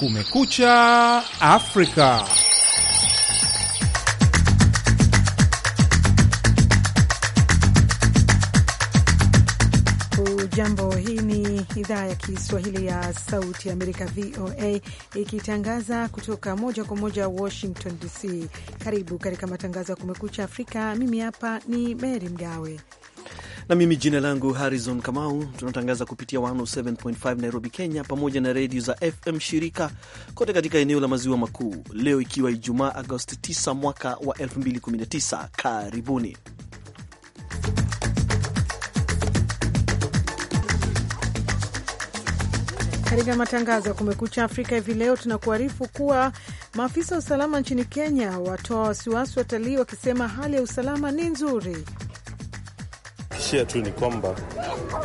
Kumekucha Afrika. Jambo, hii ni idhaa ya Kiswahili ya Sauti ya Amerika, VOA, ikitangaza kutoka moja kwa moja Washington DC. Karibu katika matangazo ya Kumekucha Afrika. Mimi hapa ni Mery Mgawe na mimi jina langu Harrison Kamau. Tunatangaza kupitia 107.5 Nairobi, Kenya, pamoja na redio za FM shirika kote katika eneo la maziwa makuu, leo ikiwa Ijumaa Agosti 9 mwaka wa 2019. Karibuni. Katika matangazo ya Kumekucha Afrika hivi leo tunakuarifu kuwa maafisa wa usalama nchini Kenya watoa wasiwasi watalii wakisema hali ya usalama ni nzuri kuhakikishia tu ni kwamba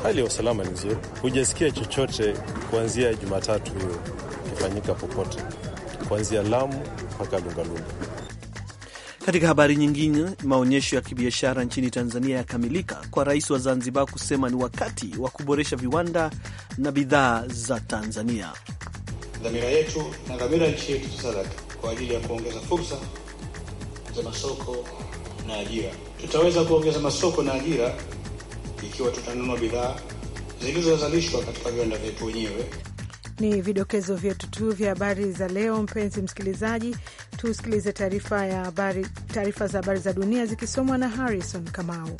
hali ya usalama ni nzuri. Hujasikia chochote kuanzia Jumatatu hiyo ikifanyika popote kuanzia Lamu mpaka Lungalunga. Katika habari nyingine, maonyesho ya kibiashara nchini Tanzania yakamilika kwa rais wa Zanzibar kusema ni wakati wa kuboresha viwanda na bidhaa za Tanzania. Dhamira yetu na dhamira nchi yetu SADC kwa ajili ya kuongeza fursa za masoko na ajira, tutaweza kuongeza masoko na ajira ikiwa tutanunua bidhaa zilizozalishwa katika viwanda vyetu wenyewe. Ni vidokezo vyetu tu vya habari za leo. Mpenzi msikilizaji, tusikilize taarifa ya habari, taarifa za habari za dunia zikisomwa na Harrison Kamau.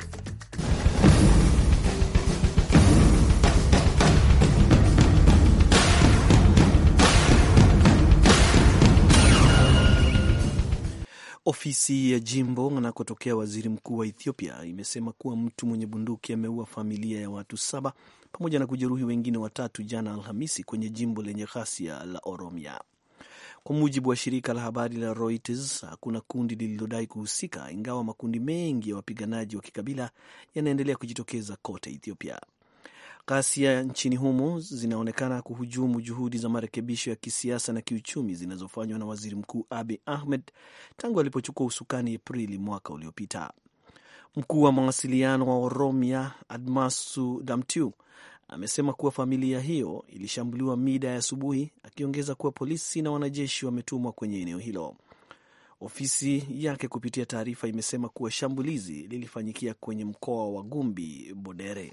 Ofisi ya jimbo anakotokea waziri mkuu wa Ethiopia imesema kuwa mtu mwenye bunduki ameua familia ya watu saba pamoja na kujeruhi wengine watatu jana Alhamisi kwenye jimbo lenye ghasia la Oromia. Kwa mujibu wa shirika la habari la Reuters, hakuna kundi lililodai kuhusika, ingawa makundi mengi ya wapiganaji wa kikabila yanaendelea kujitokeza kote Ethiopia. Ghasia nchini humo zinaonekana kuhujumu juhudi za marekebisho ya kisiasa na kiuchumi zinazofanywa na waziri mkuu abi Ahmed tangu alipochukua usukani Aprili mwaka uliopita. Mkuu wa mawasiliano wa Oromia, Admasu Damtiu, amesema kuwa familia hiyo ilishambuliwa mida ya asubuhi, akiongeza kuwa polisi na wanajeshi wametumwa kwenye eneo hilo. Ofisi yake kupitia taarifa imesema kuwa shambulizi lilifanyikia kwenye mkoa wa Gumbi Bodere.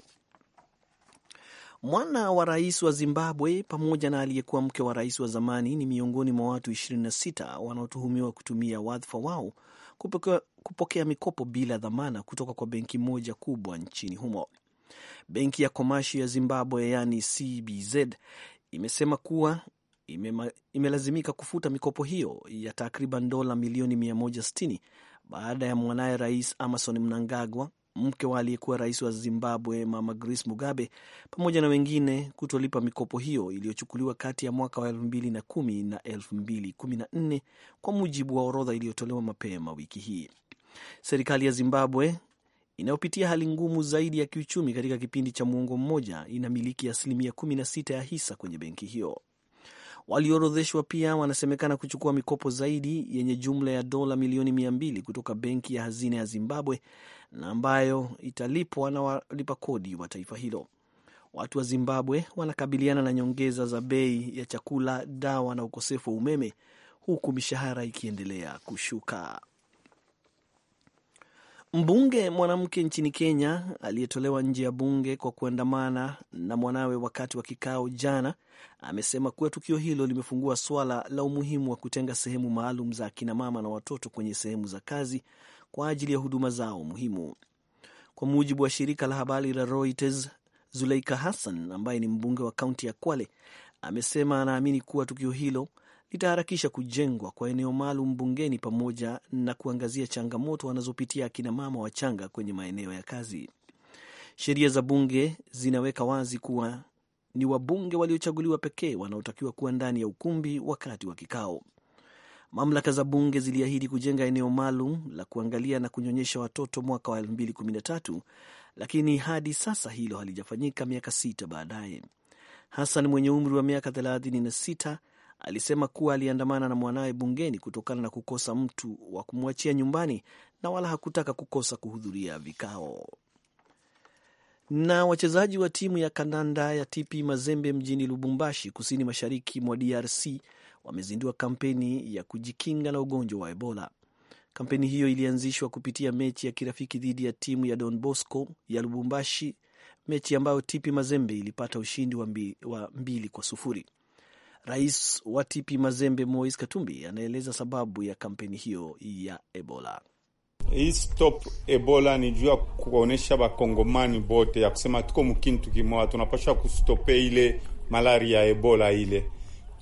Mwana wa rais wa Zimbabwe pamoja na aliyekuwa mke wa rais wa zamani ni miongoni mwa watu 26 wanaotuhumiwa kutumia wadhifa wao kupokea, kupokea mikopo bila dhamana kutoka kwa benki moja kubwa nchini humo. Benki ya Komashi ya Zimbabwe yani CBZ imesema kuwa imema, imelazimika kufuta mikopo hiyo ya takriban dola milioni 160 baada ya mwanaye rais Emmerson Mnangagwa mke wa aliyekuwa rais wa Zimbabwe Mama Grace Mugabe pamoja na wengine kutolipa mikopo hiyo iliyochukuliwa kati ya mwaka wa 2010 na 2014 kwa mujibu wa orodha iliyotolewa mapema wiki hii. Serikali ya Zimbabwe inayopitia hali ngumu zaidi ya kiuchumi katika kipindi cha muongo mmoja inamiliki asilimia 16 ya hisa kwenye benki hiyo. Walioorodheshwa pia wanasemekana kuchukua mikopo zaidi yenye jumla ya dola milioni mia mbili kutoka benki ya hazina ya Zimbabwe na ambayo italipwa na walipa kodi wa taifa hilo. Watu wa Zimbabwe wanakabiliana na nyongeza za bei ya chakula, dawa na ukosefu wa umeme huku mishahara ikiendelea kushuka. Mbunge mwanamke nchini Kenya aliyetolewa nje ya bunge kwa kuandamana na mwanawe wakati wa kikao jana amesema kuwa tukio hilo limefungua swala la umuhimu wa kutenga sehemu maalum za akinamama na watoto kwenye sehemu za kazi kwa ajili ya huduma zao muhimu. Kwa mujibu wa shirika la habari la Reuters, Zuleika Hassan ambaye ni mbunge wa kaunti ya Kwale amesema anaamini kuwa tukio hilo itaharakisha kujengwa kwa eneo maalum bungeni pamoja na kuangazia changamoto wanazopitia akinamama wachanga kwenye maeneo ya kazi. Sheria za bunge zinaweka wazi kuwa ni wabunge waliochaguliwa pekee wanaotakiwa kuwa ndani ya ukumbi wakati wa kikao. Mamlaka za bunge ziliahidi kujenga eneo maalum la kuangalia na kunyonyesha watoto mwaka wa 2013 lakini hadi sasa hilo halijafanyika, miaka sita baadaye. Hassan mwenye umri wa miaka 36 alisema kuwa aliandamana na mwanawe bungeni kutokana na kukosa mtu wa kumwachia nyumbani na wala hakutaka kukosa kuhudhuria vikao. Na wachezaji wa timu ya kandanda ya TP Mazembe mjini Lubumbashi, kusini mashariki mwa DRC, wamezindua kampeni ya kujikinga na ugonjwa wa Ebola. Kampeni hiyo ilianzishwa kupitia mechi ya kirafiki dhidi ya timu ya Don Bosco ya Lubumbashi, mechi ambayo TP Mazembe ilipata ushindi wa mbili, wa mbili kwa sufuri. Rais wa TP Mazembe mois Katumbi anaeleza sababu ya kampeni hiyo ya Ebola. Hii stop Ebola ni juu ya kuonyesha bakongomani bote ya kusema tuko mkintu kimoya, tunapasha kustope ile malaria ya Ebola ile.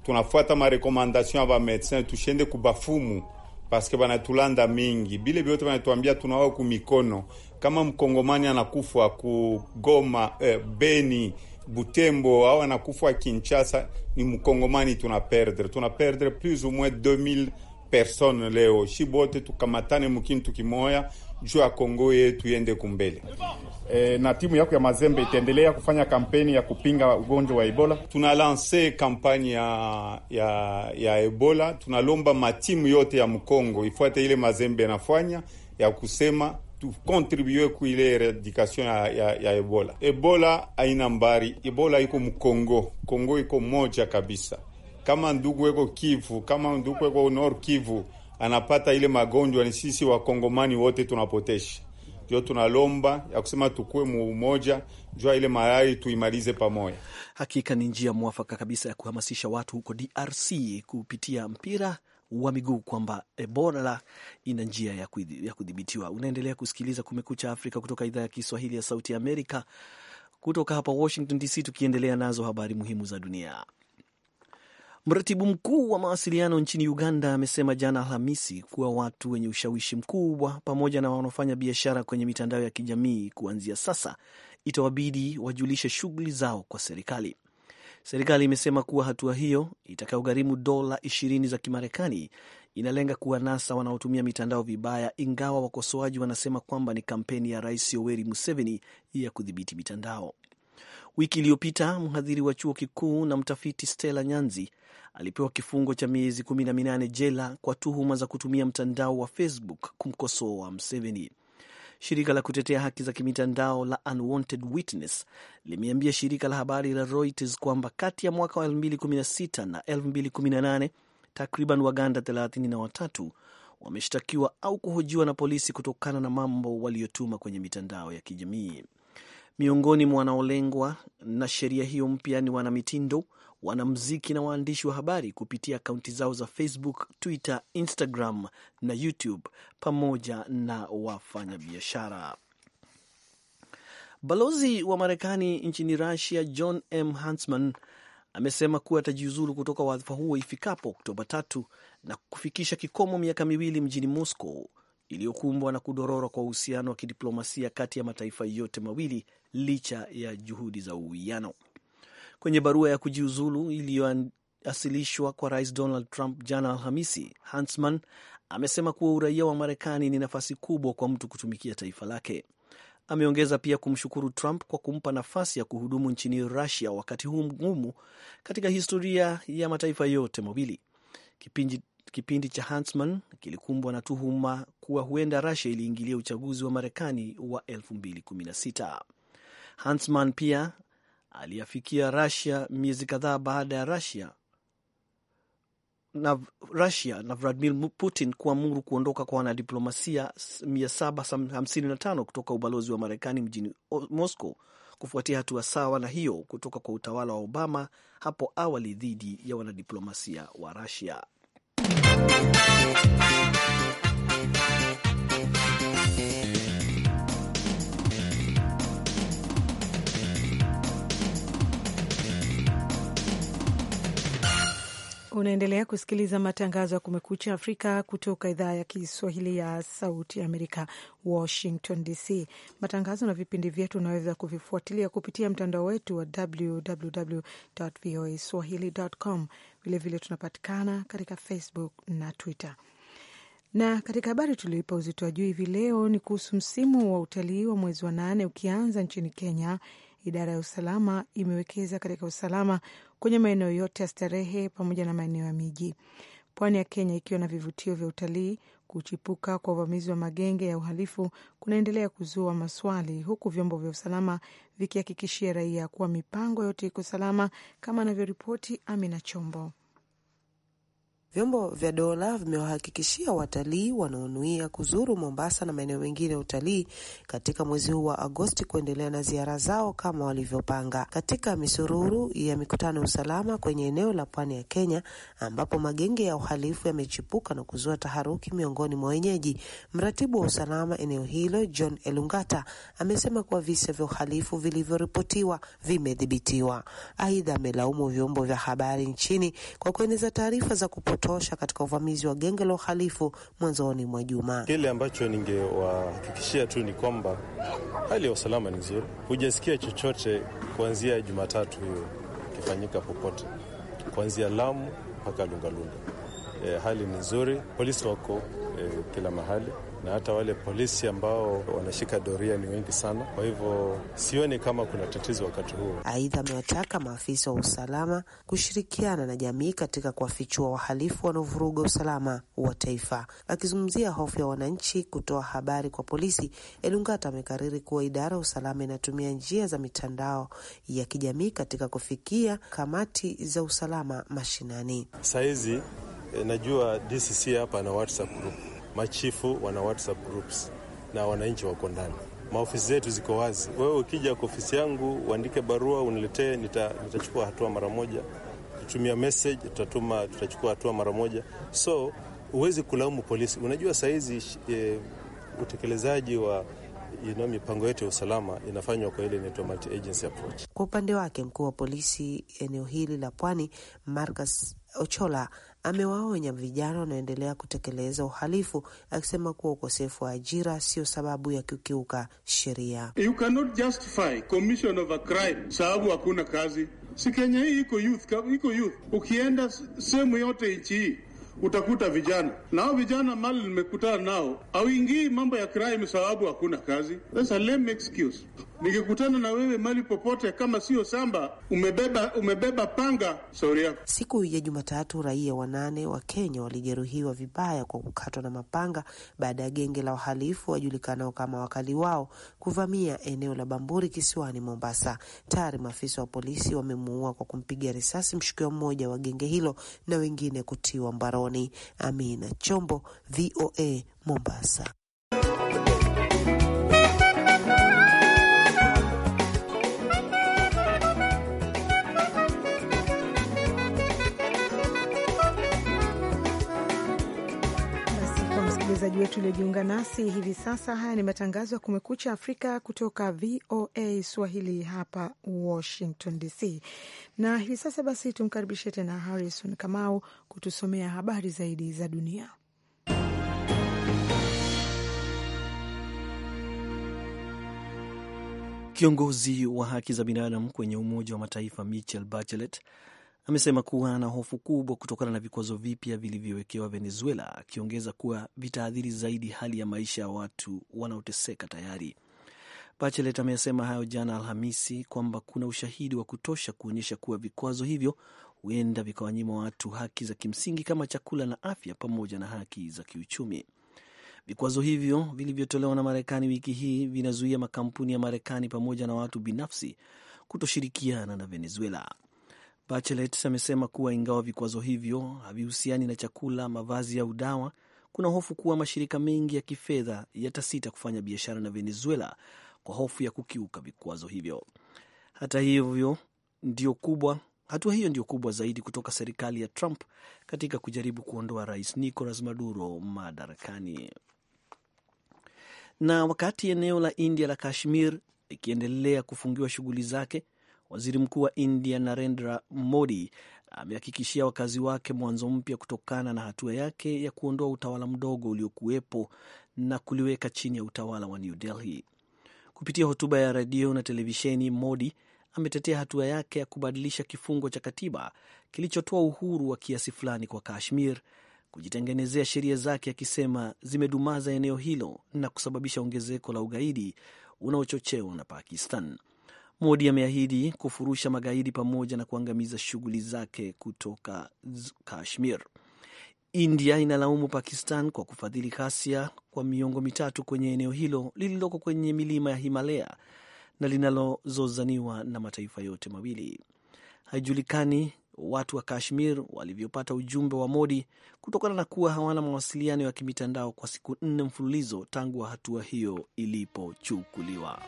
Tunafuata marekomandasyon ya bamedsin, tushende kubafumu paske banatulanda mingi bile byote banatuambia tunawa kumikono. Kama mkongomani anakufa kugoma eh, Beni Butembo au anakufa Kinshasa, ni mkongomani tuna perdre, tuna perdre plus ou moins 2000 personnes leo. Shibote tukamatane mukintu kimoya juu ya Kongo yetu yende kumbele. E, na timu yako ya Mazembe itaendelea kufanya kampeni ya kupinga ugonjwa wa Ebola. Tuna lanse kampani ya, ya ya Ebola. Tunalomba matimu yote ya Mkongo ifuate ile Mazembe yanafanya ya kusema tukontribuye kuile eradication ya, ya, ya Ebola. Ebola haina mbari, Ebola iko mkongo, Kongo iko moja kabisa. Kama ndugu eko Kivu, kama ndugu eko Nord Kivu anapata ile magonjwa, ni sisi wakongomani wote tunapotesha. Ndio tunalomba ya kusema tukue muumoja, jua ile malali tuimalize pamoja. Hakika ni njia mwafaka kabisa ya kuhamasisha watu huko DRC kupitia mpira wa miguu kwamba Ebola ina njia ya kudhibitiwa. Unaendelea kusikiliza Kumekucha Afrika kutoka idhaa ya Kiswahili ya Sauti ya Amerika, kutoka hapa Washington DC, tukiendelea nazo habari muhimu za dunia. Mratibu mkuu wa mawasiliano nchini Uganda amesema jana Alhamisi kuwa watu wenye ushawishi mkubwa pamoja na wanaofanya biashara kwenye mitandao ya kijamii kuanzia sasa itawabidi wajulishe shughuli zao kwa serikali. Serikali imesema kuwa hatua hiyo itakayogharimu dola ishirini za Kimarekani inalenga kuwanasa wanaotumia mitandao vibaya, ingawa wakosoaji wanasema kwamba ni kampeni ya Rais Yoweri Museveni ya kudhibiti mitandao. Wiki iliyopita mhadhiri wa chuo kikuu na mtafiti Stella Nyanzi alipewa kifungo cha miezi kumi na minane jela kwa tuhuma za kutumia mtandao wa Facebook kumkosoa Museveni. Shirika la kutetea haki za kimitandao la Unwanted Witness limeambia shirika la habari la Reuters kwamba kati ya mwaka wa 2016 na 2018 takriban Waganda 33 wameshtakiwa au kuhojiwa na polisi kutokana na mambo waliyotuma kwenye mitandao ya kijamii. Miongoni mwa wanaolengwa na sheria hiyo mpya ni wanamitindo, wanamziki na waandishi wa habari kupitia akaunti zao za Facebook, Twitter, Instagram na YouTube pamoja na wafanyabiashara. Balozi wa Marekani nchini Russia John M Huntsman amesema kuwa atajiuzulu kutoka wadhifa huo ifikapo Oktoba tatu na kufikisha kikomo miaka miwili mjini Moscow iliyokumbwa na kudorora kwa uhusiano wa kidiplomasia kati ya mataifa yote mawili licha ya juhudi za uwiano. Kwenye barua ya kujiuzulu iliyoasilishwa kwa rais Donald Trump jana Alhamisi, Huntsman amesema kuwa uraia wa Marekani ni nafasi kubwa kwa mtu kutumikia taifa lake. Ameongeza pia kumshukuru Trump kwa kumpa nafasi ya kuhudumu nchini Rusia wakati huu mgumu katika historia ya mataifa yote mawili. Kipindi, kipindi cha Huntsman kilikumbwa na tuhuma kuwa huenda Rusia iliingilia uchaguzi wa Marekani wa 2016. Huntsman pia aliyafikia rasia miezi kadhaa baada ya Russia na Russia na Vladimir Putin kuamuru kuondoka kwa wanadiplomasia 755 kutoka ubalozi wa Marekani mjini Moscow kufuatia hatua sawa na hiyo kutoka kwa utawala wa Obama hapo awali dhidi ya wanadiplomasia wa rusia Unaendelea kusikiliza matangazo ya Kumekucha Afrika kutoka idhaa ya Kiswahili ya Sauti ya Amerika, Washington DC. Matangazo na vipindi vyetu unaweza kuvifuatilia kupitia mtandao wetu wa www voa swahili com. Vilevile tunapatikana katika Facebook na Twitter na katika habari tulioipa uzito wa juu hivi leo ni kuhusu msimu wa utalii wa mwezi wa nane ukianza nchini Kenya. Idara ya usalama imewekeza katika usalama kwenye maeneo yote ya starehe pamoja na maeneo ya miji. Pwani ya Kenya ikiwa na vivutio vya utalii, kuchipuka kwa uvamizi wa magenge ya uhalifu kunaendelea kuzua maswali, huku vyombo vya usalama vikihakikishia raia kuwa mipango yote iko salama, kama anavyoripoti Amina Chombo. Vyombo vya dola vimewahakikishia watalii wanaonuia kuzuru Mombasa na maeneo mengine ya utalii katika mwezi huu wa Agosti kuendelea na ziara zao kama walivyopanga. Katika misururu ya mikutano ya usalama kwenye eneo la pwani ya Kenya ambapo magenge ya uhalifu yamechipuka na kuzua taharuki miongoni mwa wenyeji, mratibu wa usalama eneo hilo John Elungata amesema kuwa visa vya uhalifu vilivyoripotiwa vimedhibitiwa. Aidha, amelaumu vyombo vya habari nchini kwa kueneza taarifa za kupotea kutosha katika uvamizi wa genge la uhalifu mwanzoni mwa juma. Kile ambacho ningewahakikishia tu ni kwamba hali ya usalama ni nzuri, hujasikia chochote kuanzia Jumatatu hiyo ikifanyika popote, kuanzia Lamu mpaka Lungalunga. E, hali ni nzuri, polisi wako e, kila mahali na hata wale polisi ambao wanashika doria ni wengi sana, kwa hivyo sioni kama kuna tatizo wakati huo. Aidha, amewataka maafisa wa usalama kushirikiana na jamii katika kuwafichua wahalifu wanaovuruga usalama wa taifa. Akizungumzia hofu ya wananchi kutoa habari kwa polisi, Elungata amekariri kuwa idara ya usalama inatumia njia za mitandao ya kijamii katika kufikia kamati za usalama mashinani. Sahizi eh, najua DCC hapa na WhatsApp group machifu wana WhatsApp groups na wananchi wako ndani. Maofisi zetu ziko wazi. Wewe ukija kwa ofisi yangu uandike barua uniletee, nita, nitachukua hatua mara moja. Tutumia message, tutatuma, tutachukua hatua mara moja. So huwezi kulaumu polisi. Unajua sahizi e, eh, utekelezaji wa you know, mipango yetu ya usalama inafanywa kwa ile inaitwa multi agency approach. Kwa upande wake mkuu wa polisi eneo hili la Pwani Marcus Ochola amewaonya vijana wanaoendelea kutekeleza uhalifu, akisema kuwa ukosefu wa ajira sio sababu ya kukiuka sheria. You cannot justify commission of a crime sababu hakuna kazi. Si Kenya hii iko youth, iko youth. Ukienda sehemu yote nchi hii utakuta vijana na ao vijana, mali nimekutana nao, auingii mambo ya crime sababu hakuna kazi. That's a lame excuse nikikutana na wewe mali popote, kama sio samba umebeba, umebeba panga, shauri yako. Siku ya Jumatatu, raia wanane wa Kenya walijeruhiwa vibaya kwa kukatwa na mapanga baada ya genge la wahalifu wajulikanao kama wakali wao kuvamia eneo la Bamburi kisiwani Mombasa. Tayari maafisa wa polisi wamemuua kwa kumpiga risasi mshukiwa mmoja wa genge hilo na wengine kutiwa mbaroni. Amina Chombo, VOA, Mombasa. msikilizaji wetu uliojiunga nasi hivi sasa. Haya ni matangazo ya Kumekucha Afrika kutoka VOA Swahili hapa Washington DC, na hivi sasa basi tumkaribishe tena Harrison Kamau kutusomea habari zaidi za dunia. Kiongozi wa haki za binadamu kwenye Umoja wa Mataifa Michel Bachelet amesema kuwa ana hofu kubwa kutokana na vikwazo vipya vilivyowekewa Venezuela, akiongeza kuwa vitaathiri zaidi hali ya maisha ya watu wanaoteseka tayari. Bachelet ameyasema hayo jana Alhamisi kwamba kuna ushahidi wa kutosha kuonyesha kuwa vikwazo hivyo huenda vikawanyima watu haki za kimsingi kama chakula na afya pamoja na haki za kiuchumi. Vikwazo hivyo vilivyotolewa na Marekani wiki hii vinazuia makampuni ya Marekani pamoja na watu binafsi kutoshirikiana na Venezuela. Bachelet amesema kuwa ingawa vikwazo hivyo havihusiani na chakula, mavazi au dawa, kuna hofu kuwa mashirika mengi ya kifedha yatasita kufanya biashara na Venezuela kwa hofu ya kukiuka vikwazo hivyo. Hata hivyo ndio kubwa hatua hiyo ndio kubwa zaidi kutoka serikali ya Trump katika kujaribu kuondoa rais Nicolas Maduro madarakani. Na wakati eneo la India la Kashmir likiendelea kufungiwa shughuli zake, Waziri Mkuu wa India Narendra Modi amehakikishia wakazi wake mwanzo mpya kutokana na hatua yake ya kuondoa utawala mdogo uliokuwepo na kuliweka chini ya utawala wa New Delhi. Kupitia hotuba ya redio na televisheni, Modi ametetea hatua yake ya kubadilisha kifungo cha katiba kilichotoa uhuru wa kiasi fulani kwa Kashmir kujitengenezea sheria zake, akisema zimedumaza eneo hilo na kusababisha ongezeko la ugaidi unaochochewa na Pakistan. Modi ameahidi kufurusha magaidi pamoja na kuangamiza shughuli zake kutoka Kashmir. India inalaumu Pakistan kwa kufadhili ghasia kwa miongo mitatu kwenye eneo hilo lililoko kwenye milima ya Himalaya na linalozozaniwa na mataifa yote mawili. Haijulikani watu wa Kashmir walivyopata ujumbe wa Modi kutokana na kuwa hawana mawasiliano ya kimitandao kwa siku nne mfululizo tangu hatua hiyo ilipochukuliwa.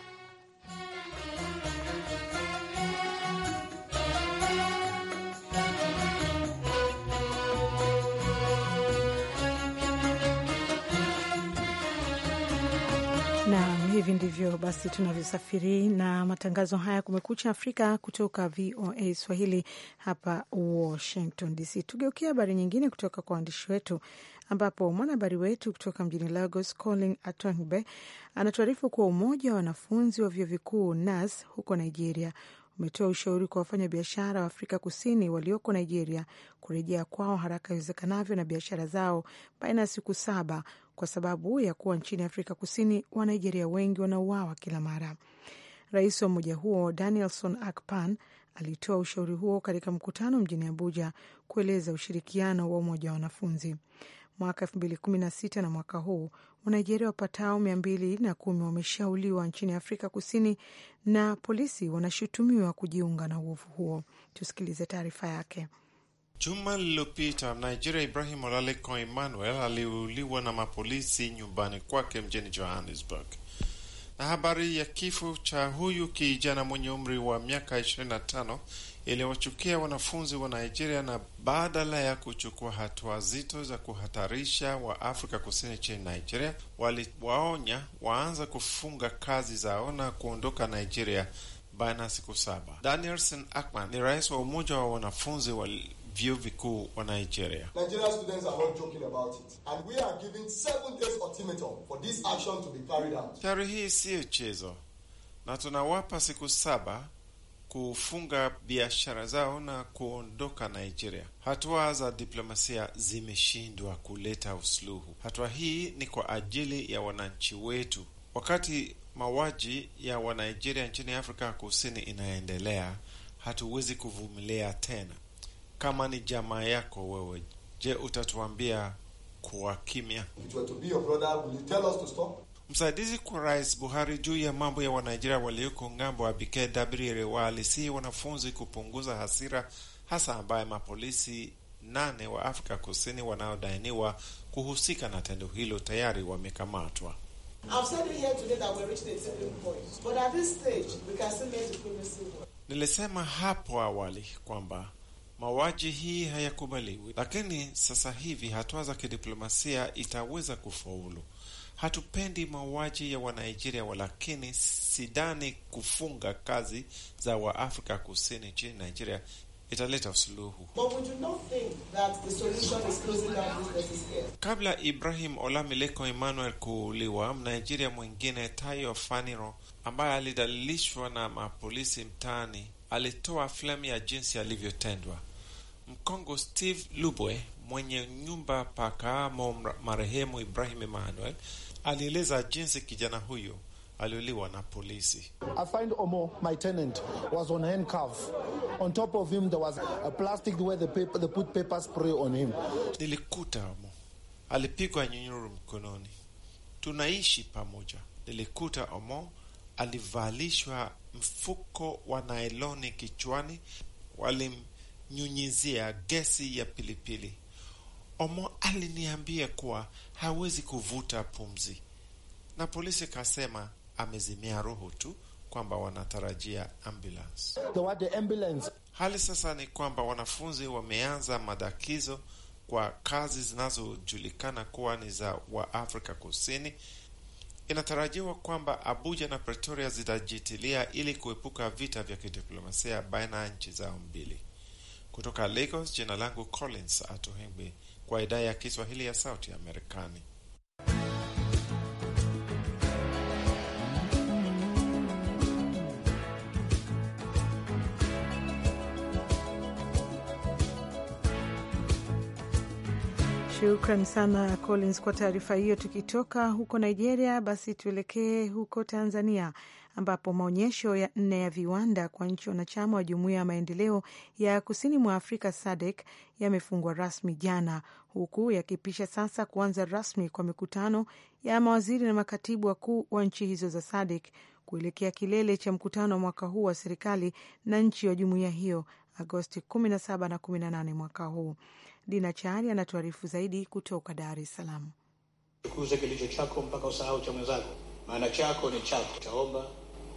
hivi ndivyo basi tunavyosafiri na matangazo haya Kumekucha Afrika kutoka VOA Swahili hapa Washington DC. Tugeukia habari nyingine kutoka kwa waandishi wetu, ambapo mwanahabari wetu kutoka mjini Lagos, Colin Atwangbe, anatuarifu kuwa umoja wa wanafunzi wa vyuo vikuu NAS huko Nigeria umetoa ushauri kwa wafanyabiashara wa Afrika Kusini walioko Nigeria kurejea kwao haraka iwezekanavyo na biashara zao baina ya siku saba kwa sababu ya kuwa nchini Afrika Kusini Wanigeria wengi wanauawa kila mara. Rais wa umoja huo Danielson Akpan alitoa ushauri huo katika mkutano mjini Abuja kueleza ushirikiano wa umoja wa wanafunzi mwaka kumi na mwaka huu Wanigeria wapatao kumi wameshauliwa nchini Afrika Kusini na polisi wanashutumiwa kujiunga na uovu huo. Tusikilize taarifa yake. Juma lililopita Nigeria Ibrahim Olale Emmanuel aliuliwa na mapolisi nyumbani kwake mjini Johannesburg. Na habari ya kifo cha huyu kijana mwenye umri wa miaka 25 iliwachukia wanafunzi wa Nigeria na badala ya kuchukua hatua zito za kuhatarisha wa Afrika Kusini chini Nigeria, waliwaonya waanza kufunga kazi zao na kuondoka Nigeria baada ya siku saba. Danielson Akpan ni rais wa umoja wa wanafunzi wa vyuo vikuu wa Nigeria. Nigerian students are not joking about it and we are giving seven days ultimatum for this action to be carried out. Shauri hii siyo chezo na tunawapa siku saba kufunga biashara zao na kuondoka Nigeria. Hatua za diplomasia zimeshindwa kuleta usuluhu. Hatua hii ni kwa ajili ya wananchi wetu. Wakati mauaji ya Wanigeria nchini Afrika Kusini inaendelea, hatuwezi kuvumilia tena kama ni jamaa yako wewe, je, utatuambia kuwa kimya? Msaidizi kwa Rais Buhari juu ya mambo ya Wanaijeria walioko ng'ambo, Abike Dabiri, waalisihi wanafunzi kupunguza hasira, hasa ambaye mapolisi nane wa Afrika Kusini wanaodainiwa kuhusika na tendo hilo tayari wamekamatwa. Nilisema hapo awali kwamba mauaji hii hayakubaliwi, lakini sasa hivi hatua za kidiplomasia itaweza kufaulu. Hatupendi mauaji ya Wanigeria, walakini sidani kufunga kazi za Waafrika Kusini nchini Nigeria italeta suluhu. Kabla Ibrahim Olamileko Emmanuel kuuliwa, Mnigeria mwingine Tayo Faniro ambaye alidalilishwa na mapolisi mtaani alitoa filamu ya jinsi alivyotendwa. Mkongo Steve Lubwe mwenye nyumba pakaamo marehemu Ibrahim Emmanuel alieleza jinsi kijana huyo aliuliwa na polisi. I find Omo, my tenant, was on handcuff. On top of him there was a plastic where they, paper, they put paper spray on him. Nilikuta Omo. Alipigwa nyunyuru mkononi. Tunaishi pamoja. Nilikuta Omo alivalishwa mfuko wa nailoni kichwani, walimnyunyizia gesi ya pilipili. Omo aliniambia kuwa hawezi kuvuta pumzi, na polisi kasema amezimia roho tu, kwamba wanatarajia ambulance. The ambulance. Hali sasa ni kwamba wanafunzi wameanza madakizo kwa kazi zinazojulikana kuwa ni za Waafrika Kusini Inatarajiwa kwamba Abuja na Pretoria zitajitilia ili kuepuka vita vya kidiplomasia baina ya nchi zao mbili. Kutoka Lagos, jina langu Collins Atohengbe, kwa idhaa ya Kiswahili ya Sauti ya Shukran sana Collins kwa taarifa hiyo. Tukitoka huko Nigeria, basi tuelekee huko Tanzania ambapo maonyesho ya nne ya viwanda kwa nchi wanachama wa jumuiya ya maendeleo ya kusini mwa Afrika SADC yamefungwa rasmi jana, huku yakipisha sasa kuanza rasmi kwa mikutano ya mawaziri na makatibu wakuu wa nchi hizo za SADC kuelekea kilele cha mkutano wa mwaka huu wa serikali na nchi wa jumuiya hiyo Agosti 17 na 18 mwaka huu. Dina Chahali anatuarifu zaidi kutoka Dar es Salaam. Kuza kilicho chako mpaka usahau cha mwenzako, maana chako ni chako. Taomba,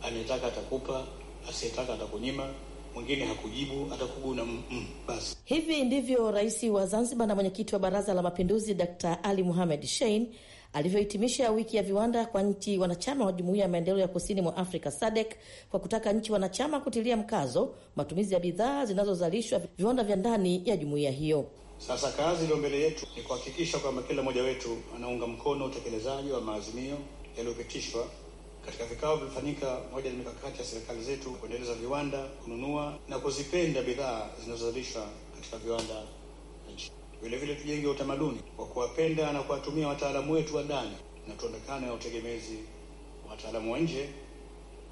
anayetaka atakupa, asiyetaka atakunyima mwingine hakujibu atakuguna. mm -mm, basi. Hivi ndivyo Rais wa Zanzibar na mwenyekiti wa Baraza la Mapinduzi Dkt Ali muhamed Shein alivyohitimisha wiki ya viwanda kwa nchi wanachama wa Jumuiya ya Maendeleo ya Kusini mwa Afrika SADEK kwa kutaka nchi wanachama kutilia mkazo matumizi ya bidhaa zinazozalishwa viwanda vya ndani ya jumuiya hiyo. Sasa kazi iliyo mbele yetu ni kuhakikisha kwamba kila mmoja wetu anaunga mkono utekelezaji wa maazimio yaliyopitishwa katika vikao vilifanyika moja na mikakati ya serikali zetu kuendeleza viwanda, kununua na kuzipenda bidhaa zinazozalishwa katika viwanda nchi. Vile vile tujenge utamaduni wa kuwapenda na kuwatumia wataalamu wetu wa ndani na tuonekane na utegemezi wa wataalamu wa nje,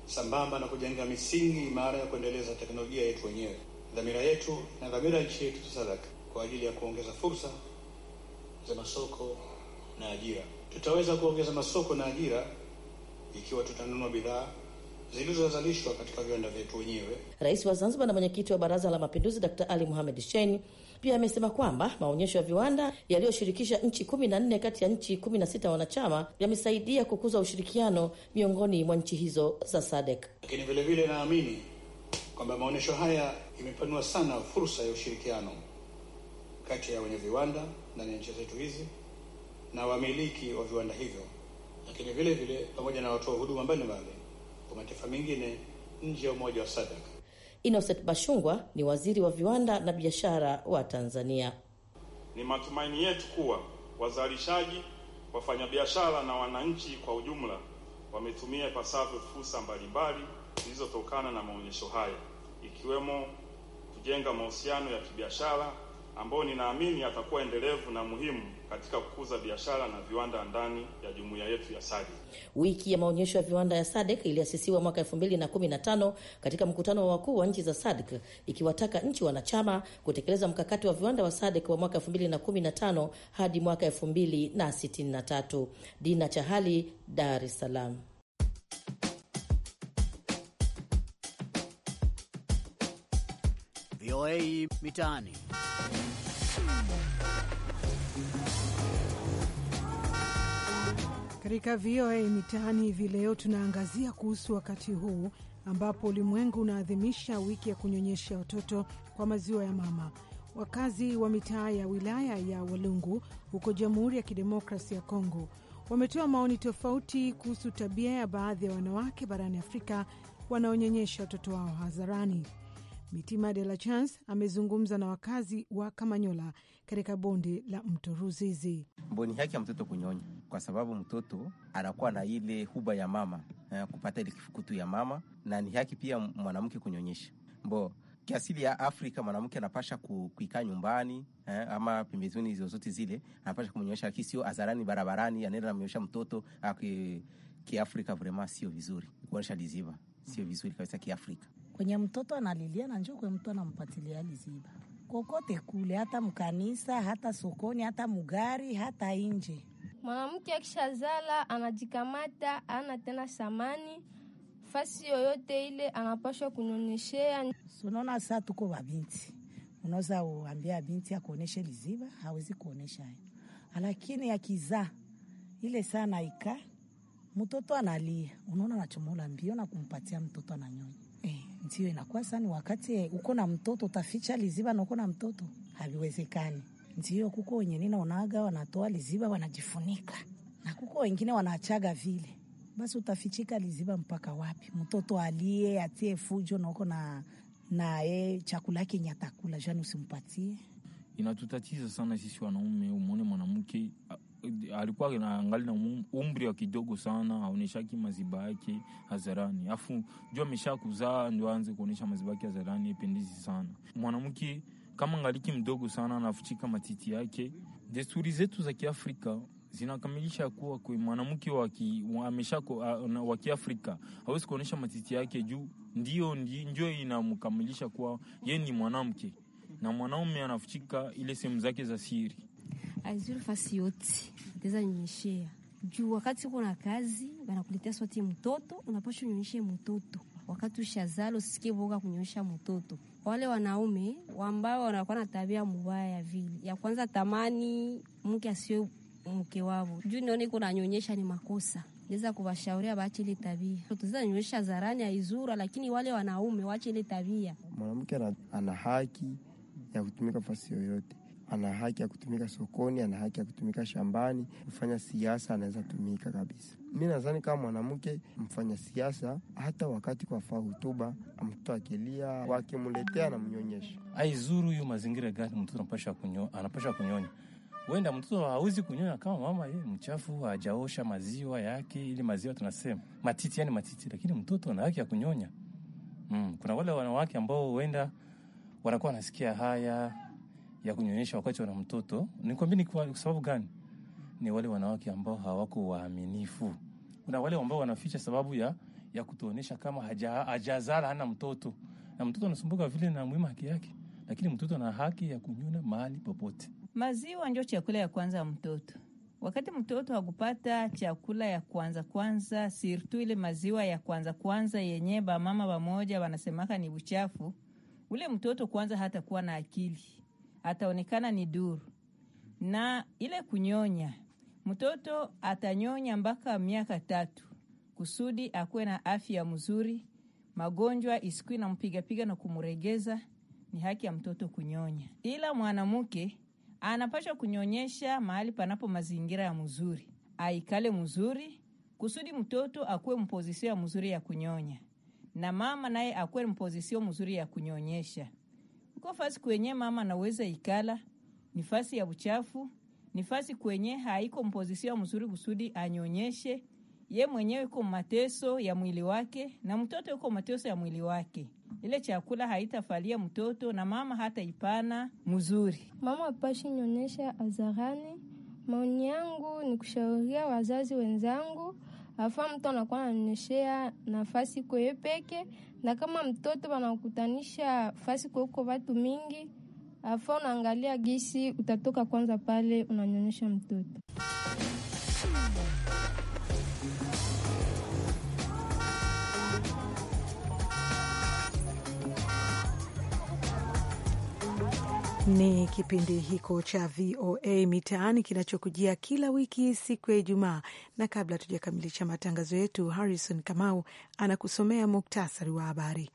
sambamba na kujenga misingi imara ya kuendeleza teknolojia yetu wenyewe. Dhamira yetu na dhamira nchi yetu Sadaka kwa ajili ya kuongeza fursa za masoko na ajira. Tutaweza kuongeza masoko na ajira ikiwa tutanunua bidhaa zilizozalishwa katika viwanda vyetu wenyewe. Rais wa Zanzibar na mwenyekiti wa Baraza la Mapinduzi Dr. Ali Mohamed Shein pia amesema kwamba maonyesho ya viwanda yaliyoshirikisha nchi kumi na nne kati ya nchi kumi na sita wanachama yamesaidia kukuza ushirikiano miongoni mwa nchi hizo za SADC. Lakini vilevile naamini kwamba maonyesho haya imepanua sana fursa ya ushirikiano kati ya wenye viwanda ndani ya nchi zetu hizi na wamiliki wa viwanda hivyo, lakini vile vile pamoja na watoa huduma mbalimbali kwa mataifa mengine nje ya umoja wa SADC. Innocent Bashungwa ni waziri wa viwanda na biashara wa Tanzania. Ni matumaini yetu kuwa wazalishaji, wafanyabiashara na wananchi kwa ujumla wametumia ipasavyo fursa mbalimbali zilizotokana na maonyesho haya, ikiwemo kujenga mahusiano ya kibiashara ambao ninaamini atakuwa endelevu na muhimu katika kukuza biashara na viwanda ndani ya jumuiya yetu ya SADC. Wiki ya maonyesho ya viwanda ya SADC iliasisiwa mwaka 2015 katika mkutano wa wakuu wa nchi za SADC ikiwataka nchi wanachama kutekeleza mkakati wa viwanda wa SADC wa mwaka 2015 hadi mwaka 2063. Dina Chahali, Dar es Salaam. VOA Mitaani. Katika VOA Mitaani hivi leo tunaangazia kuhusu wakati huu ambapo ulimwengu unaadhimisha wiki ya kunyonyesha watoto kwa maziwa ya mama. Wakazi wa mitaa ya wilaya ya Walungu huko Jamhuri ya Kidemokrasi ya Kongo wametoa maoni tofauti kuhusu tabia ya baadhi ya wanawake barani Afrika wanaonyonyesha watoto wao hadharani. Mitima de la Chance amezungumza na wakazi wa Kamanyola katika bonde la mto Ruzizi. Mboni haki ya mtoto kunyonya, kwa sababu mtoto anakuwa na ile huba ya mama eh, kupata ile kifukutu ya mama, na ni haki pia mwanamke kunyonyesha mbo kiasili ya Afrika mwanamke anapasha kuikaa nyumbani eh, ama pembezoni zozote zile, anapasha kumnyonyesha, lakini sio hadharani barabarani, anaenda namnyonyesha mtoto ki, kiafrika vrema sio vizuri, kuonyesha liziva, sio vizuri kabisa kiafrika kwenye mtoto analilia na njoo kwe mtu anampatilia liziba kokote kule, hata mkanisa, hata sokoni, hata mugari, hata nje. Mwanamke akishazala anajikamata, ana tena samani fasi yoyote ile anapashwa kunyonyeshea. Unaona, saa tuko wabinti, unaweza uambia binti akuonyeshe liziba, hawezi kuonyesha hayo, lakini akizaa ile saa naika mtoto analia, unaona, anachomola mbio na kumpatia mtoto ananyonya ndio inakuwa sana. Wakati eh, uko na mtoto utaficha liziba na uko na mtoto haviwezekani. Ndio kuko wenye ninaonaga wanatoa liziba wanajifunika, na kuko wengine wanachaga vile basi, utafichika liziba mpaka wapi? Mtoto alie atie fujo na uko na naye eh, chakula yake nyatakula jani usimpatie inatutatiza sana sisi wanaume. umone mwanamke alikuwa angali na um-, umri wa kidogo sana, aoneshaki maziba yake hadharani, afu juu amesha kuzaa ndio aanze kuonyesha maziba yake hadharani, ipendezi sana mwanamke kama ngaliki mdogo sana anafuchika matiti yake. Desturi zetu za Kiafrika zinakamilisha kuwa kwa mwanamke wa Kiafrika hawezi kuonyesha matiti yake juu ndio, ndio inamkamilisha kuwa yeye ni mwanamke, na mwanaume anafuchika ile sehemu zake za siri fasi yote teza nyonyeshea juu, wakati kuna kazi wanakuletea swati mtoto, unapasha unyonyeshe mtoto wakati ushazalo, usikie voga kunyonyesha mtoto. Wale wanaume ambao wanakuwa na tabia mubaya ya vile ya kwanza, tamani mke asio mke wavo, juu nione kuna nyonyesha ni makosa Naweza kuwashauria waache ile tabia, tuza nyonyesha zarani izura, lakini wale wanaume waache ile tabia. Mwanamke ana haki ya kutumika fasi yoyote ana haki ya kutumika sokoni, ana haki ya kutumika shambani, kufanya siasa anaweza tumika kabisa. Mi nadhani kama mwanamke mfanya siasa, hata wakati kwa faa hutuba, mtoto akilia wakimletea na mnyonyesha, aizuru huyu mazingira gani mtoto anapasha kunyo, anapasha kunyonya Wenda mtoto hawezi kunyonya kama mama ye mchafu, hajaosha maziwa yake, ili maziwa tunasema matiti, yani matiti, lakini mtoto ana haki ya kunyonya. Mm, kuna wale wanawake ambao wenda wanakuwa wanasikia haya ya kunyonyesha wakati wana mtoto, nikwambia ni kwa sababu gani? Ni wale wanawake ambao hawako waaminifu. Kuna wale ambao wanaficha sababu ya ya kutuonesha kama haja, hajazala hana mtoto na mtoto anasumbuka vile na muhimu haki yake, lakini mtoto ana haki ya kunyona mahali popote. Maziwa ndio chakula ya kwanza ya mtoto. Wakati mtoto hakupata chakula ya kwanza kwanza, sirtu ile maziwa ya kwanza kwanza yenye bamama wamoja wanasemaka ni uchafu, ule mtoto kwanza hatakuwa na akili ataonekana ni duru, na ile kunyonya, mtoto atanyonya mpaka miaka tatu kusudi akuwe na afya mzuri, magonjwa isikui na mpigapiga na kumuregeza. Ni haki ya mtoto kunyonya, ila mwanamke anapashwa kunyonyesha mahali panapo mazingira ya mzuri, aikale mzuri kusudi mtoto akuwe mpozisio ya mzuri ya kunyonya, na mama naye akuwe mpozisio mzuri ya kunyonyesha. Iko fasi kwenye mama anaweza ikala ni fasi ya uchafu, ni fasi kwenye haiko mpozisio ya mzuri kusudi anyonyeshe. Ye mwenyewe iko mateso ya mwili wake na mtoto uko mateso ya mwili wake. Ile chakula haitafalia mtoto na mama hata ipana mzuri. Mama apashi nyonyesha azarani. Maoni yangu ni kushauria wazazi wenzangu afa mtu anakuwa nanoneshea nafasi kweye peke, na kama mtoto wanakutanisha fasi kweuko watu mingi, afa unaangalia gisi utatoka kwanza pale unanyonyesha mtoto Ni kipindi hiko cha VOA Mitaani kinachokujia kila wiki siku ya Ijumaa, na kabla tujakamilisha matangazo yetu, Harrison Kamau anakusomea muktasari wa habari.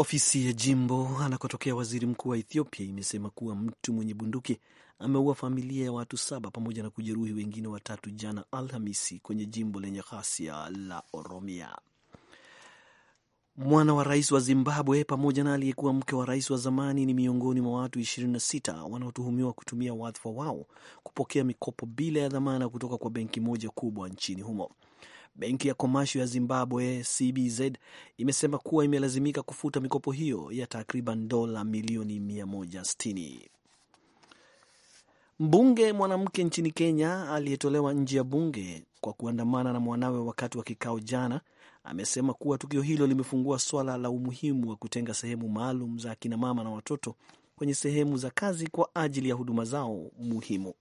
Ofisi ya jimbo anakotokea waziri mkuu wa Ethiopia imesema kuwa mtu mwenye bunduki ameua familia ya watu saba pamoja na kujeruhi wengine watatu jana Alhamisi kwenye jimbo lenye ghasia la Oromia. Mwana wa rais wa Zimbabwe pamoja na aliyekuwa mke wa rais wa zamani ni miongoni mwa watu 26 wanaotuhumiwa kutumia wadhifa wao kupokea mikopo bila ya dhamana kutoka kwa benki moja kubwa nchini humo. Benki ya Komasho ya Zimbabwe, CBZ, imesema kuwa imelazimika kufuta mikopo hiyo ya takriban dola milioni 160. Mbunge mwanamke nchini Kenya aliyetolewa nje ya bunge kwa kuandamana na mwanawe wakati wa kikao jana amesema kuwa tukio hilo limefungua swala la umuhimu wa kutenga sehemu maalum za akinamama na watoto kwenye sehemu za kazi kwa ajili ya huduma zao muhimu.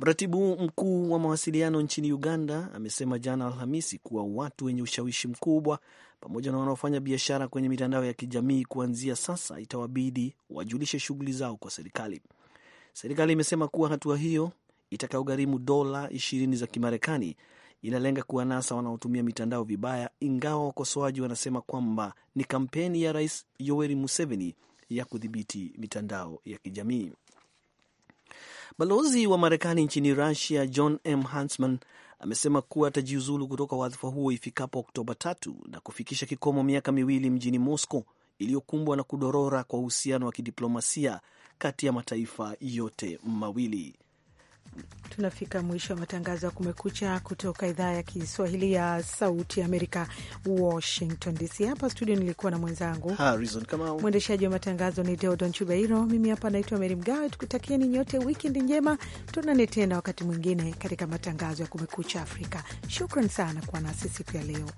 Mratibu mkuu wa mawasiliano nchini Uganda amesema jana Alhamisi kuwa watu wenye ushawishi mkubwa pamoja na wanaofanya biashara kwenye mitandao ya kijamii kuanzia sasa itawabidi wajulishe shughuli zao kwa serikali. Serikali imesema kuwa hatua hiyo itakayogharimu dola ishirini za Kimarekani inalenga kuwanasa wanaotumia mitandao vibaya, ingawa wakosoaji wanasema kwamba ni kampeni ya Rais Yoweri Museveni ya kudhibiti mitandao ya kijamii. Balozi wa Marekani nchini Rusia John M Huntsman amesema kuwa atajiuzulu kutoka wadhifa huo ifikapo Oktoba tatu na kufikisha kikomo miaka miwili mjini Moscow iliyokumbwa na kudorora kwa uhusiano wa kidiplomasia kati ya mataifa yote mawili. Tunafika mwisho wa matangazo ya Kumekucha kutoka idhaa ya Kiswahili ya Sauti ya Amerika, Washington DC. Hapa studio nilikuwa na mwenzangu mwendeshaji wa matangazo ni Deodon Chubairo, mimi hapa naitwa Meri Mgawe. Tukutakieni nyote wikendi njema, tuonane tena wakati mwingine katika matangazo ya Kumekucha Afrika. Shukran sana kuwa nasi siku ya leo.